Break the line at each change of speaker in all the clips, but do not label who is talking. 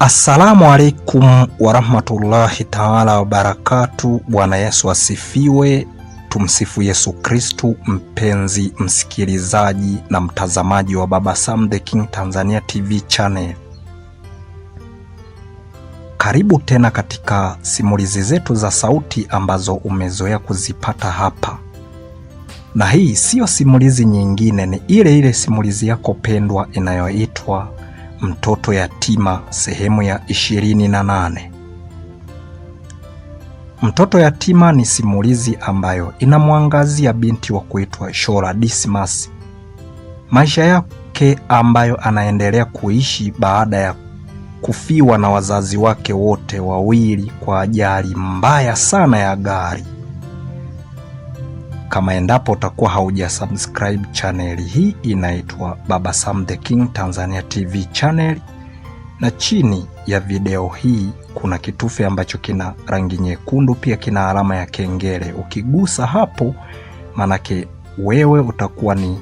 Assalamu alaikum warahmatullahi taala wabarakatu. Bwana Yesu asifiwe. Tumsifu Yesu Kristu. Mpenzi msikilizaji na mtazamaji wa Baba Sam the King Tanzania TV channel, karibu tena katika simulizi zetu za sauti ambazo umezoea kuzipata hapa, na hii siyo simulizi nyingine, ni ile ile simulizi yako pendwa inayoitwa Mtoto yatima sehemu ya 28. Mtoto yatima ni simulizi ambayo inamwangazia binti wa kuitwa Shora Dismas, maisha yake ambayo anaendelea kuishi baada ya kufiwa na wazazi wake wote wawili kwa ajali mbaya sana ya gari kama endapo utakuwa hauja subscribe chaneli hii inaitwa Baba Sam the King Tanzania TV channel, na chini ya video hii kuna kitufe ambacho kina rangi nyekundu, pia kina alama ya kengele. Ukigusa hapo, manake wewe utakuwa ni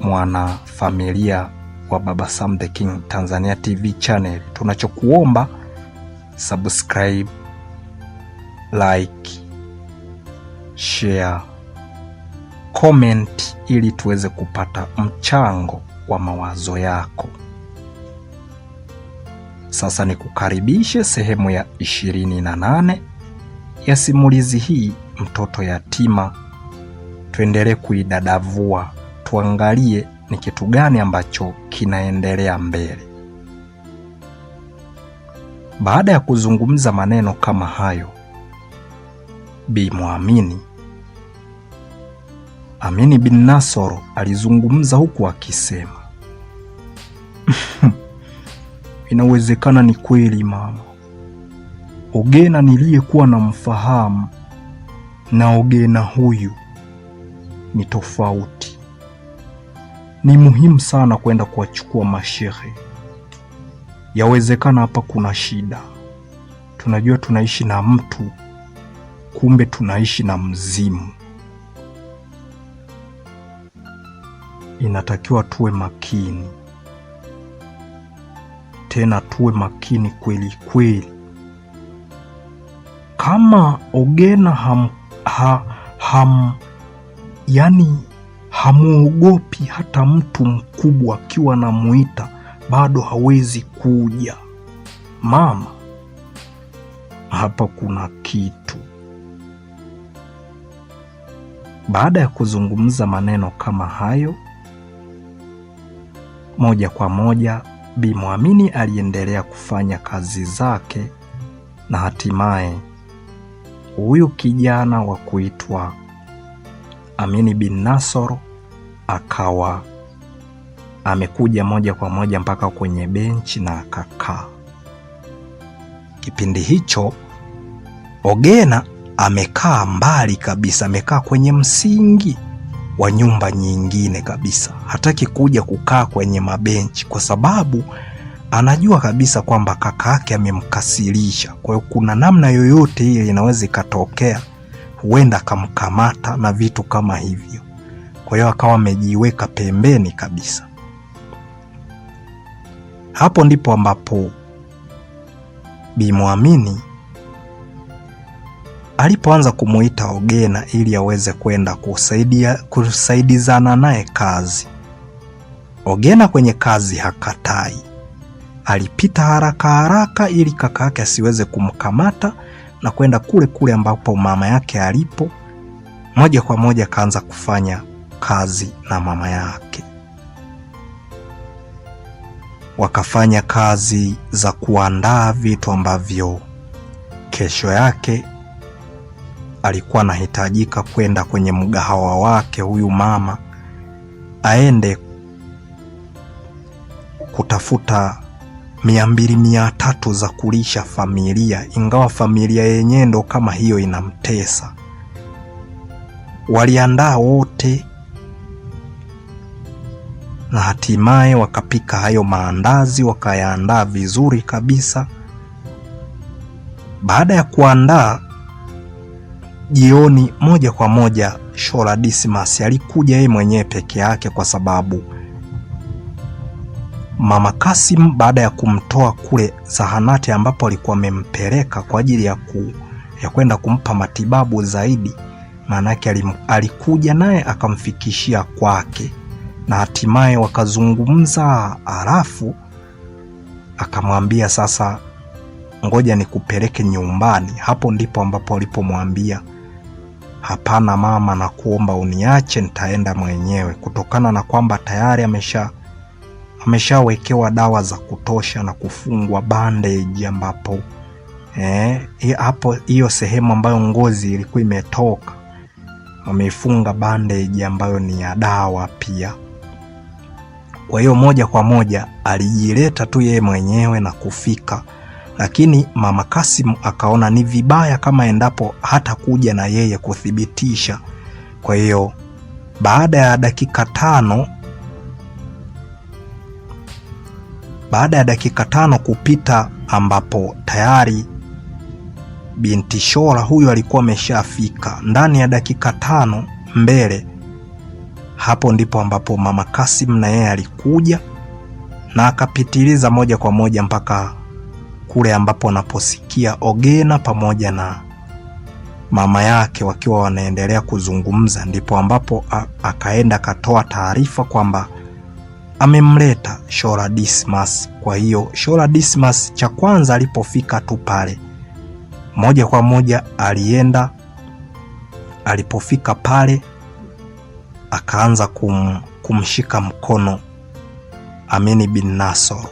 mwanafamilia wa Baba Sam the King Tanzania TV channel. Tunachokuomba subscribe, like, share comment ili tuweze kupata mchango wa mawazo yako. Sasa nikukaribishe sehemu ya 28 ya simulizi hii Mtoto Yatima. Tuendelee kuidadavua, tuangalie ni kitu gani ambacho kinaendelea mbele. Baada ya kuzungumza maneno kama hayo, Bi Mwamini amini bin nasoro alizungumza huku akisema, hmm, inawezekana ni kweli mama. Ogena niliyekuwa mfahamu na Ogena huyu ni tofauti. Ni muhimu sana kwenda kuwachukua mashehe. Yawezekana hapa kuna shida. Tunajua tunaishi na mtu, kumbe tunaishi na mzimu. inatakiwa tuwe makini, tena tuwe makini kweli kweli. Kama Ogena ham, ha, ham, yani hamuogopi hata mtu mkubwa akiwa anamuita bado hawezi kuja mama, hapa kuna kitu. Baada ya kuzungumza maneno kama hayo moja kwa moja, Bi Mwamini aliendelea kufanya kazi zake na hatimaye huyu kijana wa kuitwa Amini bin Nasoro akawa amekuja moja kwa moja mpaka kwenye benchi na akakaa. Kipindi hicho Ogena amekaa mbali kabisa, amekaa kwenye msingi wa nyumba nyingine kabisa. Hataki kuja kukaa kwenye mabenchi kwa sababu anajua kabisa kwamba kaka yake amemkasirisha. Kwa hiyo kuna namna yoyote ile inaweza ikatokea, huenda akamkamata na vitu kama hivyo. Kwa hiyo akawa amejiweka pembeni kabisa. Hapo ndipo ambapo Bi alipoanza kumuita Ogena ili aweze kwenda kusaidia kusaidizana naye kazi. Ogena kwenye kazi hakatai. Alipita haraka haraka ili kaka yake asiweze kumkamata na kwenda kule kule ambapo mama yake alipo. Moja kwa moja akaanza kufanya kazi na mama yake, wakafanya kazi za kuandaa vitu ambavyo kesho yake alikuwa anahitajika kwenda kwenye mgahawa wake huyu mama, aende kutafuta mia mbili mia tatu za kulisha familia, ingawa familia yenyewe ndo kama hiyo inamtesa. Waliandaa wote na hatimaye wakapika hayo maandazi, wakayaandaa vizuri kabisa. Baada ya kuandaa jioni moja kwa moja Shola Dismas alikuja yeye mwenyewe peke yake, kwa sababu mama Kasim baada ya kumtoa kule zahanati ambapo alikuwa amempeleka kwa ajili ya ku, ya kwenda kumpa matibabu zaidi, maanake alikuja naye akamfikishia kwake, na hatimaye wakazungumza, halafu akamwambia sasa, ngoja nikupeleke nyumbani. Hapo ndipo ambapo alipomwambia hapana mama, na kuomba uniache, nitaenda mwenyewe, kutokana na kwamba tayari amesha ameshawekewa dawa za kutosha na kufungwa bandage, ambapo eh, hapo hiyo sehemu ambayo ngozi ilikuwa imetoka wameifunga bandage ambayo ni ya dawa pia. Kwa hiyo moja kwa moja alijileta tu yeye mwenyewe na kufika lakini mama Kasim akaona ni vibaya kama endapo hata kuja na yeye kuthibitisha. Kwa hiyo baada ya dakika tano baada ya dakika tano kupita ambapo tayari binti Shora huyu alikuwa ameshafika ndani ya dakika tano mbele. Hapo ndipo ambapo mama Kasim na yeye alikuja na akapitiliza moja kwa moja mpaka kule ambapo wanaposikia Ogena pamoja na mama yake wakiwa wanaendelea kuzungumza, ndipo ambapo akaenda akatoa taarifa kwamba amemleta Shora Dismas. Kwa hiyo Shora Dismas cha kwanza alipofika tu pale, moja kwa moja alienda, alipofika pale akaanza kum, kumshika mkono Amini bin Nasor.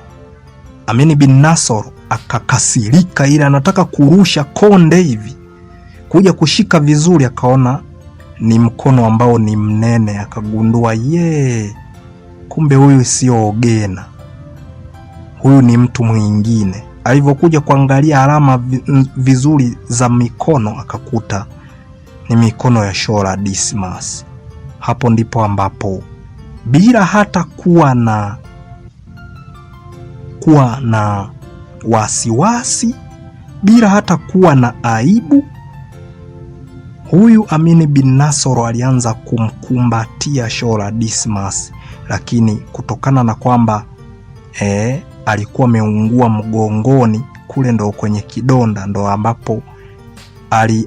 Amini bin Nasor akakasirika, ile anataka kurusha konde hivi kuja kushika vizuri, akaona ni mkono ambao ni mnene, akagundua ye, kumbe huyu sio Ogena, huyu ni mtu mwingine. Alivyokuja kuangalia alama vizuri za mikono, akakuta ni mikono ya Shola Dismas. Hapo ndipo ambapo bila hata kuwa na kuwa na wasiwasi bila hata kuwa na aibu. Huyu Amini bin Nasoro alianza kumkumbatia Shola Dismas, lakini kutokana na kwamba e, alikuwa ameungua mgongoni kule, ndo kwenye kidonda, ndo ambapo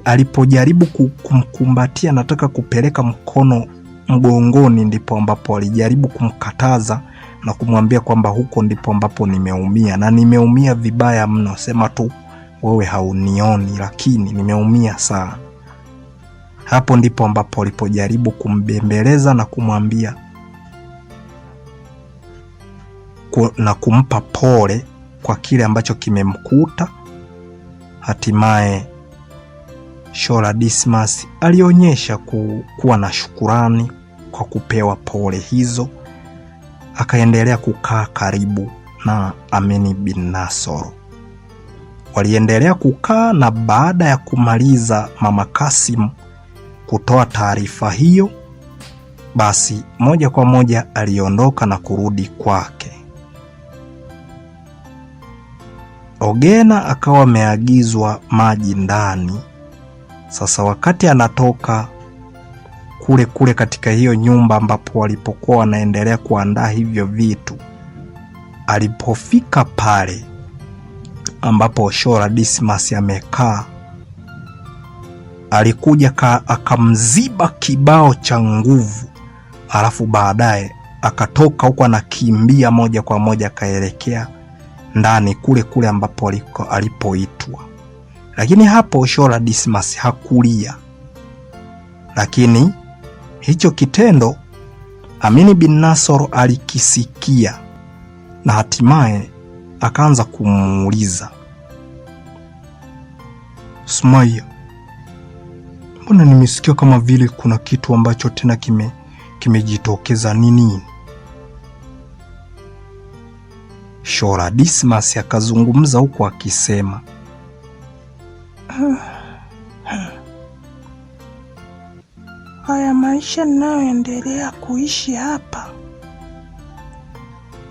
alipojaribu kumkumbatia, nataka kupeleka mkono mgongoni, ndipo ambapo alijaribu kumkataza na kumwambia kwamba huko ndipo ambapo nimeumia na nimeumia vibaya mno. Sema tu wewe haunioni, lakini nimeumia sana. Hapo ndipo ambapo alipojaribu kumbembeleza na kumwambia na kumpa pole kwa kile ambacho kimemkuta. Hatimaye Shola Dismas alionyesha ku, kuwa na shukurani kwa kupewa pole hizo akaendelea kukaa karibu na Amini bin Nasor. Waliendelea kukaa na baada ya kumaliza Mama Kasim kutoa taarifa hiyo, basi moja kwa moja aliondoka na kurudi kwake. Ogena akawa ameagizwa maji ndani. Sasa wakati anatoka kule kule katika hiyo nyumba ambapo walipokuwa wanaendelea kuandaa hivyo vitu. Alipofika pale ambapo Shora Dismas amekaa, alikuja akamziba kibao cha nguvu, alafu baadaye akatoka huko anakimbia moja kwa moja akaelekea ndani kule kule ambapo alipoitwa. Lakini hapo Shora Dismas hakulia, lakini Hicho kitendo Amini bin Nasoro alikisikia na hatimaye akaanza kumuuliza Sumaiya, mbona nimesikia kama vile kuna kitu ambacho tena kime kimejitokeza nini? Shora Dismas akazungumza huku akisema ah,
ya maisha ninayoendelea kuishi hapa,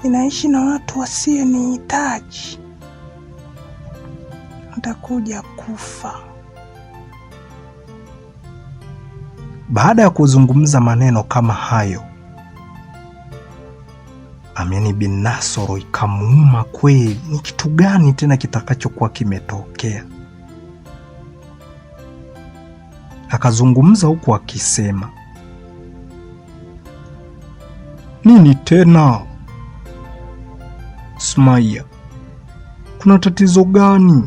ninaishi na watu wasionihitaji, nitakuja kufa.
Baada ya kuzungumza maneno kama hayo, Amini bin Nasoro ikamuuma kweli. Ni kitu gani tena kitakachokuwa kimetokea? akazungumza huku akisema, nini tena Smaia, kuna tatizo gani?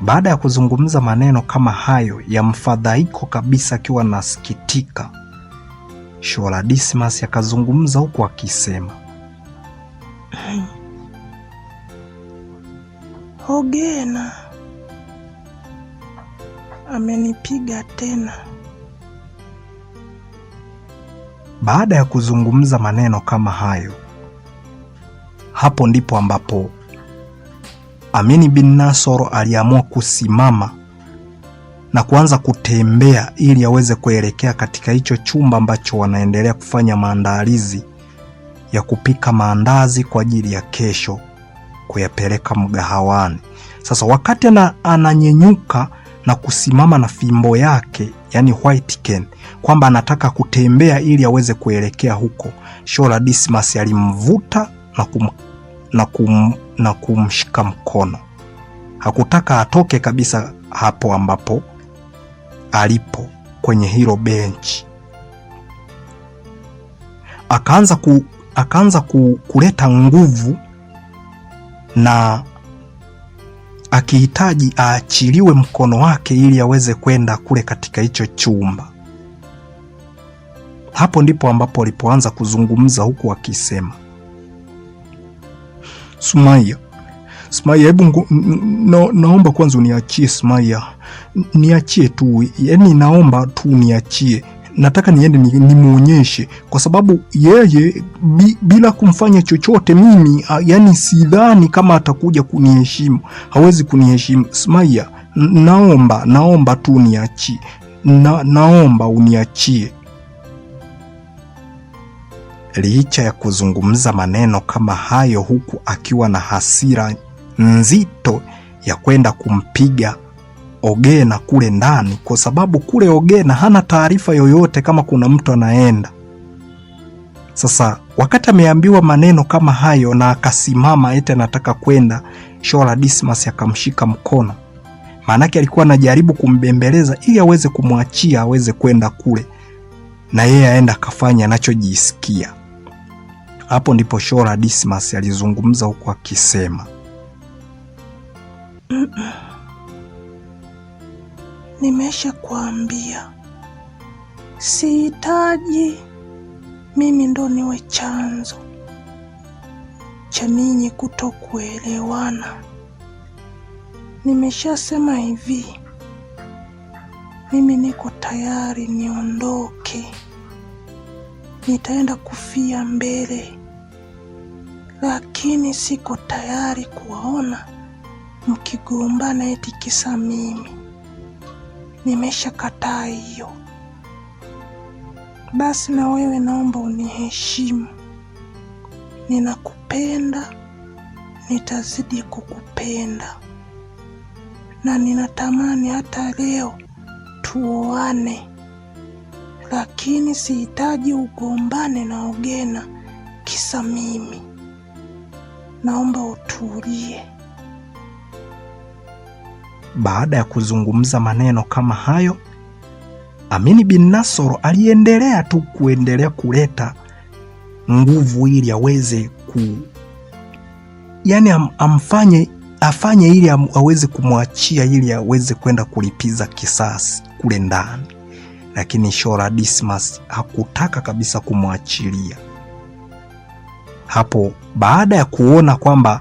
Baada ya kuzungumza maneno kama hayo ya mfadhaiko kabisa, akiwa nasikitika, Shola Dismas akazungumza huku akisema
Hogena Amenipiga tena.
Baada ya kuzungumza maneno kama hayo, hapo ndipo ambapo Amini bin Nasoro aliamua kusimama na kuanza kutembea ili aweze kuelekea katika hicho chumba ambacho wanaendelea kufanya maandalizi ya kupika maandazi kwa ajili ya kesho kuyapeleka mgahawani. Sasa wakati ananyenyuka na kusimama na fimbo yake, yani white cane, kwamba anataka kutembea ili aweze kuelekea huko. Shola Dismas alimvuta na, kum, na, kum, na kumshika mkono, hakutaka atoke kabisa hapo ambapo alipo kwenye hilo benchi. Akaanza ku, akaanza ku, kuleta nguvu na akihitaji aachiliwe mkono wake ili aweze kwenda kule katika hicho chumba. Hapo ndipo ambapo walipoanza kuzungumza huku akisema, Sumaya, Sumaya, hebu no, naomba kwanza uniachie Sumaya, niachie tu, yaani naomba tu niachie nataka niende nimwonyeshe, kwa sababu yeye bi, bila kumfanya chochote mimi, yani sidhani kama atakuja kuniheshimu, hawezi kuniheshimu. Smaia, naomba naomba tu uniachie na, naomba uniachie. Licha ya kuzungumza maneno kama hayo, huku akiwa na hasira nzito ya kwenda kumpiga Ogena kule ndani, kwa sababu kule Ogena hana taarifa yoyote kama kuna mtu anaenda. Sasa wakati ameambiwa maneno kama hayo na akasimama eti anataka kwenda, Shola Dismas akamshika mkono, maanake alikuwa anajaribu kumbembeleza ili aweze kumwachia aweze kwenda kule na yeye aenda akafanya anachojisikia. Hapo ndipo Shola Dismas alizungumza huku akisema
nimesha kuambia sihitaji mimi ndo niwe chanzo cha ninyi kutokuelewana. Nimeshasema hivi, mimi niko tayari niondoke, nitaenda kufia mbele, lakini siko tayari kuwaona mkigombana eti kisa mimi nimeshakataa hiyo. Basi na wewe naomba uniheshimu. Ninakupenda, nitazidi kukupenda, na ninatamani hata leo tuoane, lakini sihitaji ugombane na Ogena kisa mimi. Naomba utulie.
Baada ya kuzungumza maneno kama hayo, Amini bin Nasoro aliendelea tu kuendelea kuleta nguvu ili aweze ku yani am, amfanye afanye ili am, aweze kumwachia ili aweze kwenda kulipiza kisasi kule ndani, lakini Shora Dismas hakutaka kabisa kumwachilia. Hapo baada ya kuona kwamba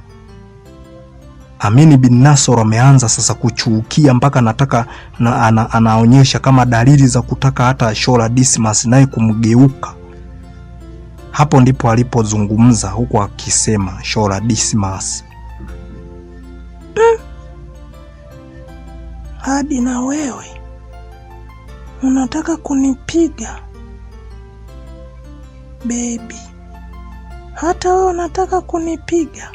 Amini bin Nasr ameanza sasa kuchuukia mpaka anataka na, ana, anaonyesha kama dalili za kutaka hata Shola Dismas naye kumgeuka. Hapo ndipo alipozungumza huku akisema Shola Dismas, eh.
hadi na wewe unataka kunipiga bebi, hata wewe unataka kunipiga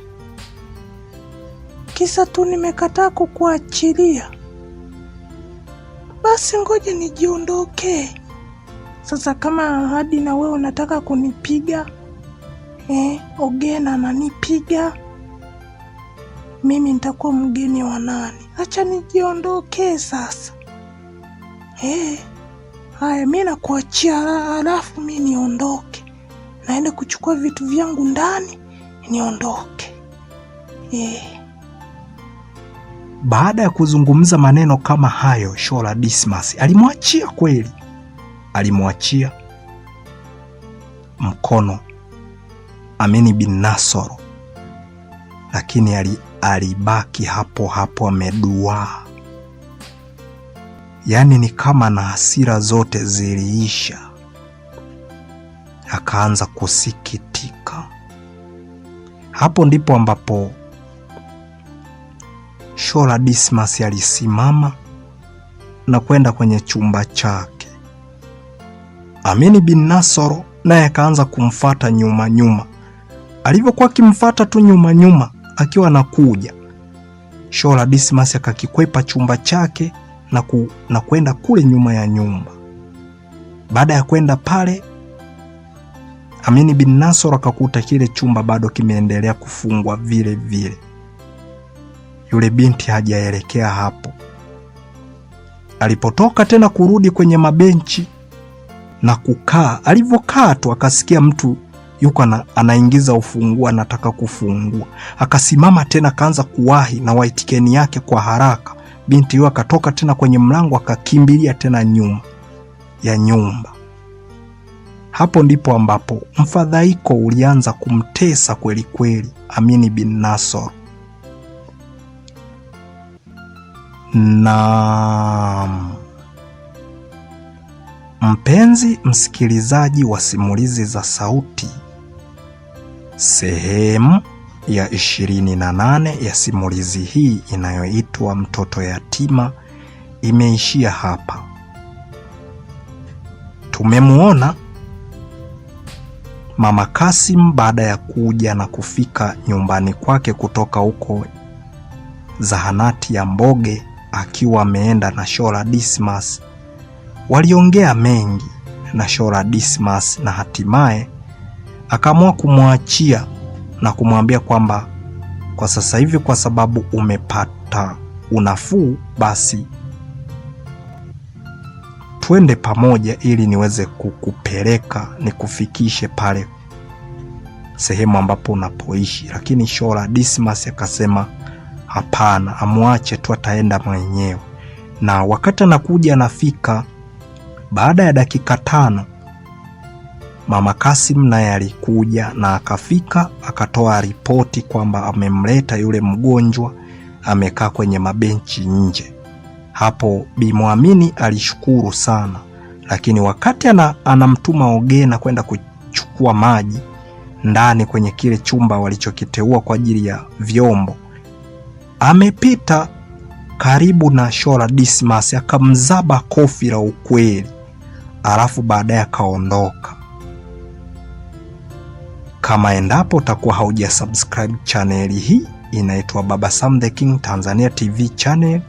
kisa tu nimekataa kukuachilia. Basi ngoja nijiondokee. Sasa kama hadi na wewe unataka kunipiga eh, Ogena ananipiga mimi, nitakuwa mgeni wa nani? Acha nijiondokee sasa eh. Haya, mi nakuachia, halafu mi niondoke, naenda kuchukua vitu vyangu ndani niondoke eh.
Baada ya kuzungumza maneno kama hayo, Shola Dismas alimwachia kweli, alimwachia mkono Amini bin Nasor, lakini alibaki hapo hapo ameduaa. Yaani ni kama na hasira zote ziliisha, akaanza kusikitika. Hapo ndipo ambapo Shola Dismas alisimama na kwenda kwenye chumba chake. Amini bin Nasoro naye akaanza kumfata nyuma nyuma. Alivyokuwa akimfata tu nyuma nyuma akiwa anakuja, Shola Dismas akakikwepa chumba chake na, ku, na kwenda kule nyuma ya nyumba. Baada ya kwenda pale, Amini bin Nasoro akakuta kile chumba bado kimeendelea kufungwa vile vile yule binti hajaelekea hapo. Alipotoka tena kurudi kwenye mabenchi na kukaa, alivyokaa tu akasikia mtu yuko na, anaingiza ufunguo anataka kufungua. Akasimama tena akaanza kuwahi na waitikeni yake kwa haraka. Binti huyo akatoka tena kwenye mlango akakimbilia tena nyuma ya nyumba. Hapo ndipo ambapo mfadhaiko ulianza kumtesa kweli kweli Amini bin Nasor. Naam, mpenzi msikilizaji wa simulizi za sauti, sehemu ya 28 ya simulizi hii inayoitwa Mtoto Yatima imeishia hapa. Tumemwona Mama Kasim baada ya kuja na kufika nyumbani kwake kutoka huko zahanati ya Mboge akiwa ameenda na Shora Dismas. Waliongea mengi na Shora Dismas na hatimaye akaamua kumwachia na kumwambia kwamba kwa sasa hivi, kwa sababu umepata unafuu, basi twende pamoja ili niweze kukupeleka nikufikishe pale sehemu ambapo unapoishi. Lakini Shora Dismas akasema Hapana, amwache tu, ataenda mwenyewe. Na wakati anakuja anafika, baada ya dakika tano mama Kasim naye alikuja na akafika, akatoa ripoti kwamba amemleta yule mgonjwa, amekaa kwenye mabenchi nje. Hapo Bimwamini alishukuru sana, lakini wakati ana, anamtuma Ogena kwenda kuchukua maji ndani kwenye kile chumba walichokiteua kwa ajili ya vyombo amepita karibu na Shola Dismas akamzaba kofi la ukweli, alafu baadaye akaondoka. Kama endapo utakuwa hauja subscribe chaneli hii inaitwa Baba Sam the King Tanzania TV channel,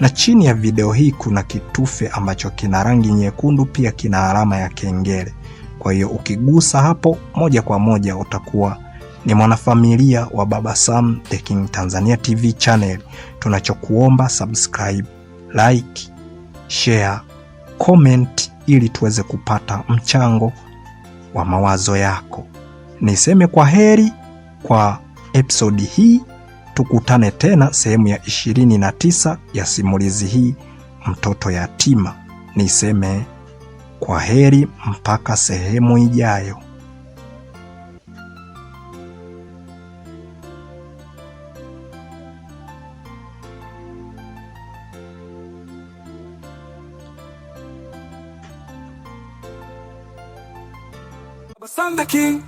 na chini ya video hii kuna kitufe ambacho kina rangi nyekundu, pia kina alama ya kengele. Kwa hiyo ukigusa hapo moja kwa moja utakuwa ni mwanafamilia wa Baba Sam The King Tanzania TV channel. Tunachokuomba subscribe, like, share, comment ili tuweze kupata mchango wa mawazo yako. Niseme kwa heri kwa episodi hii, tukutane tena sehemu ya 29 ya simulizi hii Mtoto Yatima. Niseme kwa heri mpaka sehemu ijayo.